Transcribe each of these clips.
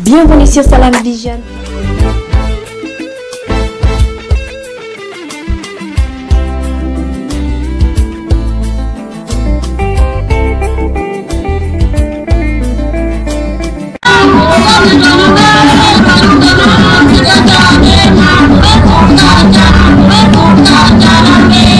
Bienvenue sur Salam Vision. Yeah.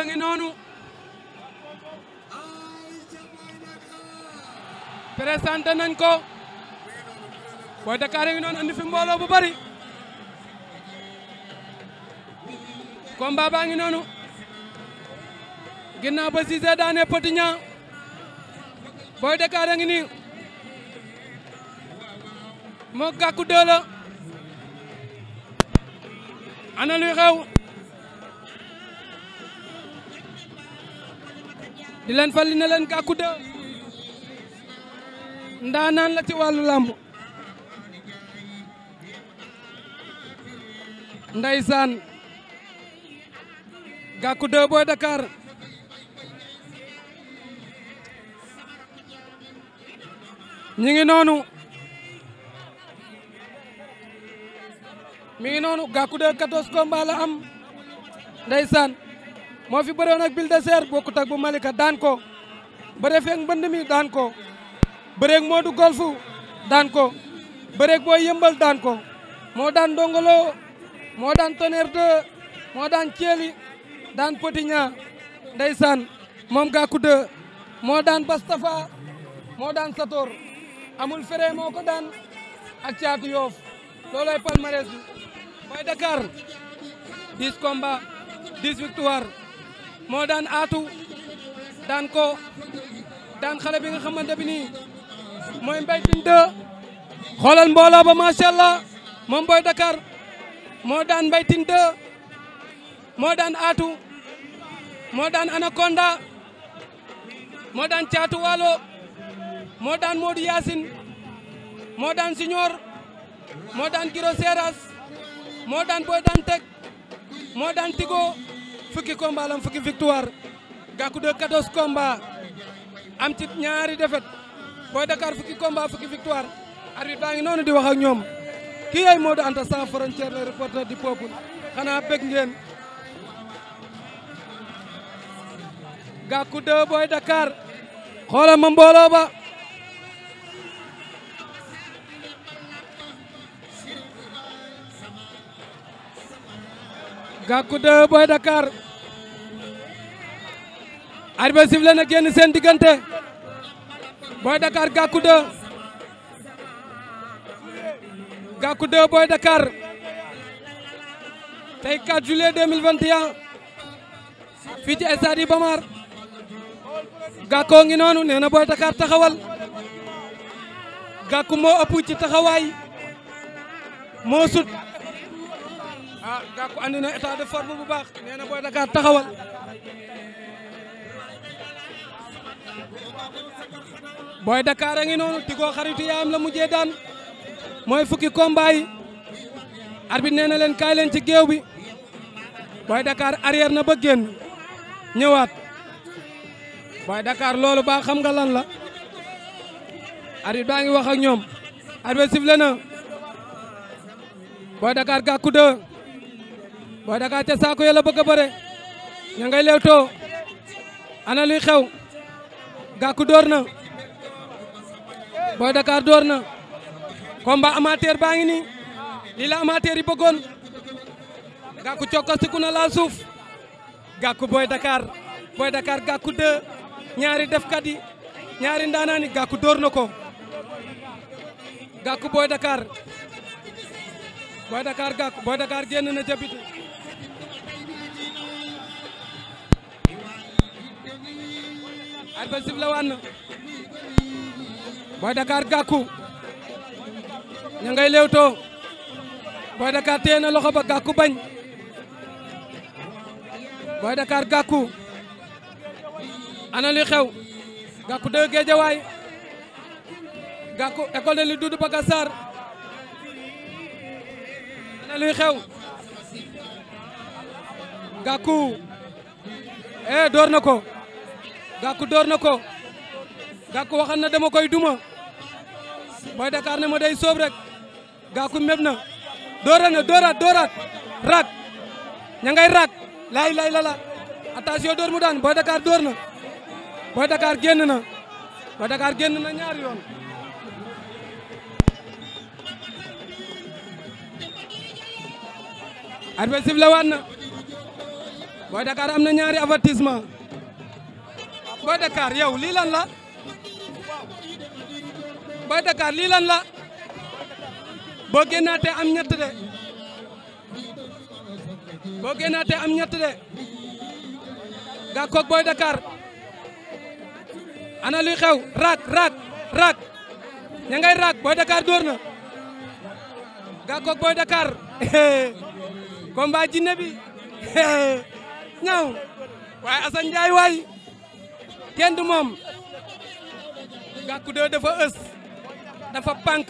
yaa ngi noonu présenté nañ ko Boy Dakar yaa ngi noonu andi fi mbooloo bu bari combat baa ngi noonu ginnaaw ba Cissé daane Petit Niang Boy Dakar yaa ngi nii moo gàkku dëla ana xew di fa li ne leen Gackou 2 ndaanaan la ci wàllu làmb ndeysaan Gackou 2 Boy Dakar ñi ngi noonu mi ngi noonu Gackou 2 14 am ndeysaan moo fi bërewoon ak Bulldozer bokkut ak bu Malika daan ko bëree feeg mbënd mi daan ko bëreeg Modou Golfu daan ko bëreeg boo yëmbal daan ko moo daan Ndongolo moo daan Tonnerre 2 moo daan Thieli daan Potignan ndeysaan moom Gakou 2 moo daan Bastafa moo daan Sator amul fere moo ko daan ak yoof looloy palmarès bi mooy Dakar 10 combats 10 moo daan aatu daan ko daan xale bi nga mooy Mbaye Tine 2 xoolal mbooloo ba allah moom Boy Dakar moo daan Mbaye Tine moo daan aatu moo daan Anaconda moo daan caatu moo daan Modou Yacine moo daan Signor moo daan Giro Seras moo daan Boy daan Tek moo daan Tigo fukki combat lam fukki victoire Gackou 2 14 combat am ci ñaari défaite Boy Dakar fukki combat fukki victoire arbitre baa ngi noonu di wax ak ñoom kii yaay Modou Anta sans frontière le reporter du peuple xanaa bëgg ngeen Gackou 2 Boy Dakar xoolal ma ba Gackou 2 Boy Dakar arbitre bi sifflé na génn seen diggante Boy Dakar Gackou 2 Gackou 2 Boy Dakar tey 4 juillet 2021 fii ci stade Iba Mar Gackou ngi noonu nee na Boy Dakar taxawal Gackou moo ëpp ci taxawaay moo sut Gackou andi na forme bu baax nee na Boy Dakar taxawal Boy Dakar a Tigo xaritu yaayam la mujjee daan mooy fukki combat yi arbitre nee na leen kaay ci géew bi Boy Dakar arrière na ba génn ñëwaat Boy Dakar loolu baa xam nga lan la arbitre baa ngi wax ak ñoom arbitre sifflé na Boy Dakar Gackou 2 Boy Dakar ca saako yàlla bëgg a bëre ña ngay leewtoo ana luy xew gàkku door na Boy Dakar door na combat amateur baa ngi nii lii la amateur yi bëggoon gàkku cokkasiku na laal suuf gàkku Boy Dakar Boy Dakar gàkku deux ñaari defkat yi ñaari ndaanaani gàkku door na ko gàkku Boy Dakar Boy Dakar gàkku Boy Dakar génn na ca arbitre siflé waat na Boy Dakar Gakou ña ngay lewtoo Boy Dakar téye na loxo ba Gakou bañ Boy Dakar Gakou ana li xew Gakou de Guédiawaye Gakou école de li Doudou Baka Sarr ana li xew Gakou eh door na ko gàkku door na ko gàkku waxan na dama koy duma Boy Dakar ne ma day soob rek gàkku meb na doora na dooraat dooraat raak ña ngay raak laay laay lala attention door mu daan Boy Dakar door na Boy Dakar génn na Boy Dakar génn na ñaari yoon arbitre siflé waat na Boy Dakar am ñaari avertissement Boy Dakar yow lii lan la Boy Dakar lii lan la boo génnaatee am ñett de boo génnaatee am ñett de Gàkkoog Boy Dakar ana luy xew raak raak raak ña ngay raak Boy Dakar dóor na Gàkkoog Boy Dakar combat jinne bi ñaaw waay kenn du moom Gàkku 2 dafa ës dafa pànk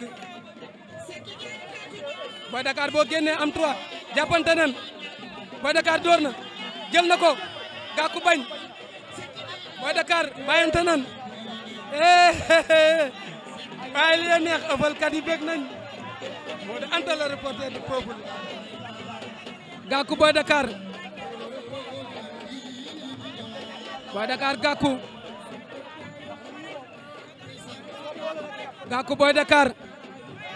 Boy Dakar boo génnee am 3 jàppante nan Boy Dakar door ko Gàkku bañ Boy Dakar bàyyante nan eh, eh, eh. waaye li leen yi bég moo di Anta la reporter du peuple Gàkku Boy Dakar Boy Dakar Gàkku Gàkku Boy Dakar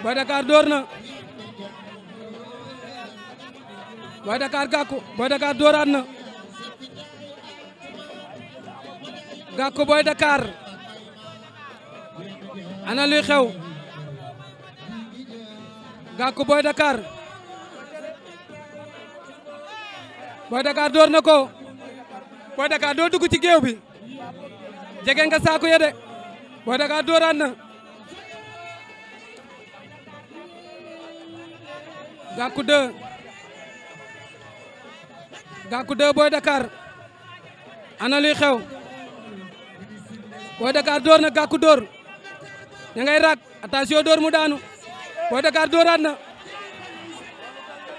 Boy Dakar door na Boy Dakar Gàkku Boy Dakar dooraat na Gàkku Boy Dakar ana luy xew Gàkku Boy Dakar Boy Dakar door na ko Boy Dakar doo dugg ci géew bi jege nga saako ya de Boy Dakar dooraat na Gackou 2 Gackou 2 Boy Dakar ana luy xew Boy Dakar door na Gackou door ña ngay raak attention door mu daanu Boy Dakar dooraat na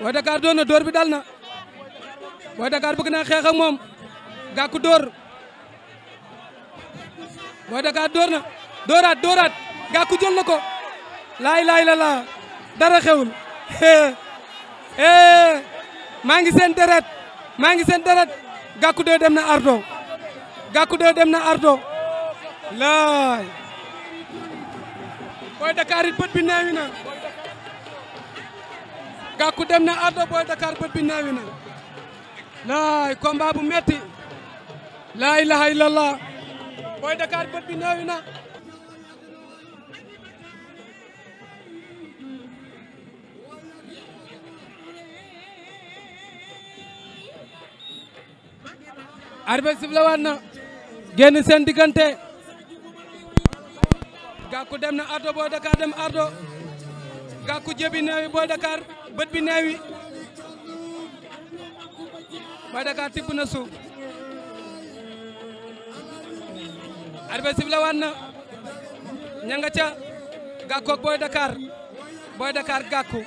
Boy bi dal na Boy Dakar bëgg naa moom Gackou door Boy Dakar door na dooraat dooraat Gackou jël na ko laay laay la laa dara xewul Eh, maa ngi seen deret maa ngi seen deret gàkku doo dem na ardo gàkku doo dem na ardo laay booy Dakar it bët bi na gàkku dem na ardo booy Dakar bët bi naawi na laay combat bu metti laa ilaha illallah booy Dakar bët bi naawi na arbitre na génn seen diggante gàkku dem na ardo Boy Dakar dem ardo gàkku jëbi neewi Boy Dakar bët neewi Boy Dakar tipp na suuf arbitre na ña nga ca gàkku ak Boy Dakar Boy Dakar gàkku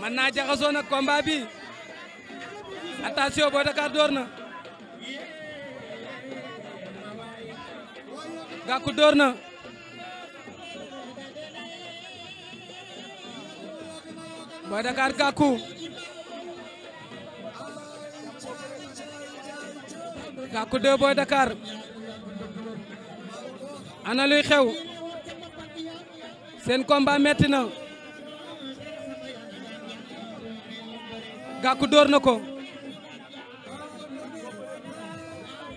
mën naa jaxasoo nag combat bi attention Boy Dakar door na Gàkku door na Boy xew seen combat metti Gàkku door na ko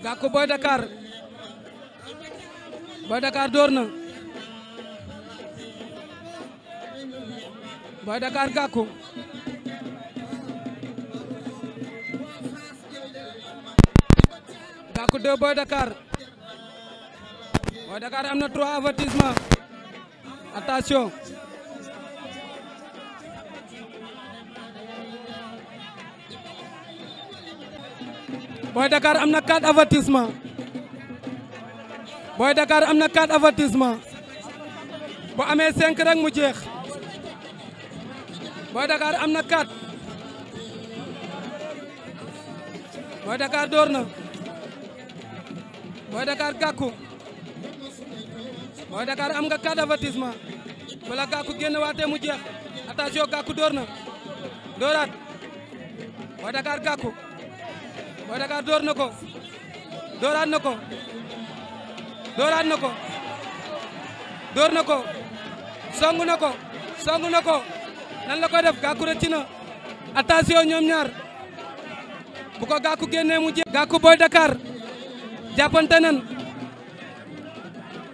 Gàkku Boy Dakar Boy Dakar dóor na Boy Dakar Gàkku Gàkku deux Boy Dakar Boy Dakar am na trois avertissement attention Boy Dakar am na 4 avertissement Boy Dakar am na 4 avertissement bu amee 5 rek mu jeex Boy Dakar am na 4 Boy Dakar door na Boy Dakar gàkku Boy am nga 4 avertissement wala gàkku génn waatee mu jeex attention gàkku door na dooraat Boy Dakar gàkku Boy Dakar door na ko dooraat na ko dooraat na ko door na ko songu na ko songu na ko nan la koy def gàkku rëcc na attention ñoom ñaar bu ko gàkku génnee mu jéem. gàkku Boy Dakar jàppante nan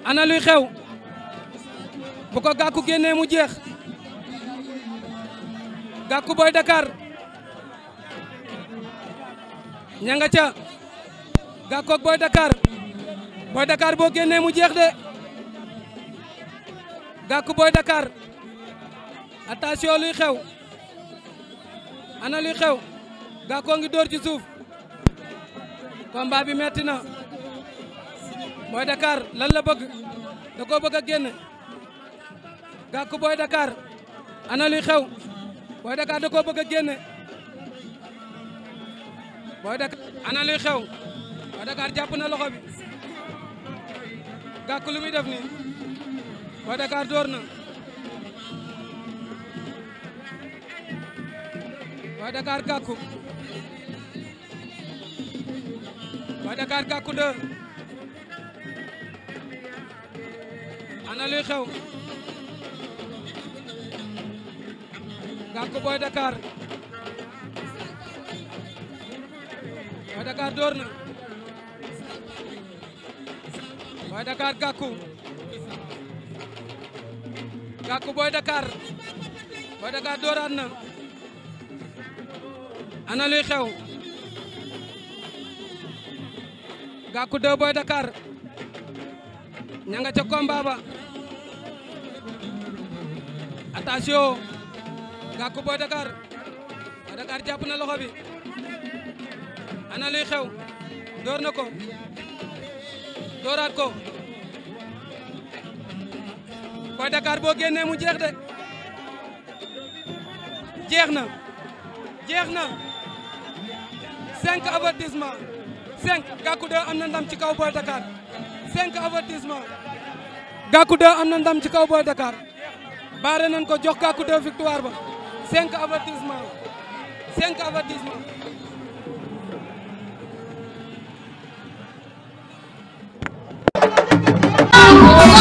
ana luy xew bu ko gàkku génnee mu jeex gàkku Boy Dakar. ña nga ca gàkkoog Boy Dakar Boy Dakar boo génnee mu jeex de gàkku Boy Dakar attention luy xew ana luy xew gàkkoo ngi dóor ci suuf combat bi metti na Boy Dakar lan la bëgg da koo bëgg a génn gàkku Boy Dakar ana luy xew Boy Dakar da bëgg a génne Boy Dakar ana luy xew Boy Dakar jàpp na loxo bi gàkk lu muy def nii Boy Dakar door na Boy Dakar gàkku Boy Dakar gàkku deux ana luy xew gàkku Boy Dakar Dakar door na Boy Dakar Gakou Gakou Boy Dakar Boy Dakar dooraat na ana luy xew Gakou deux Boy Dakar ña nga ca combat ba attention Gakou Boy Dakar Boy Dakar jàpp na loxo ana luy xew door na ko dooraat ko Boy Dakar boo génnee mu jeex de jeex na jeex na cinq avertissement cinq Gackou 2 am na ndam ci kaw Boy Dakar cinq avertissement Gackou 2 am na ndam ci kaw Boy Dakar baare nañ ko jox Gackou 2 victoire ba cinq avertissement cinq avertissement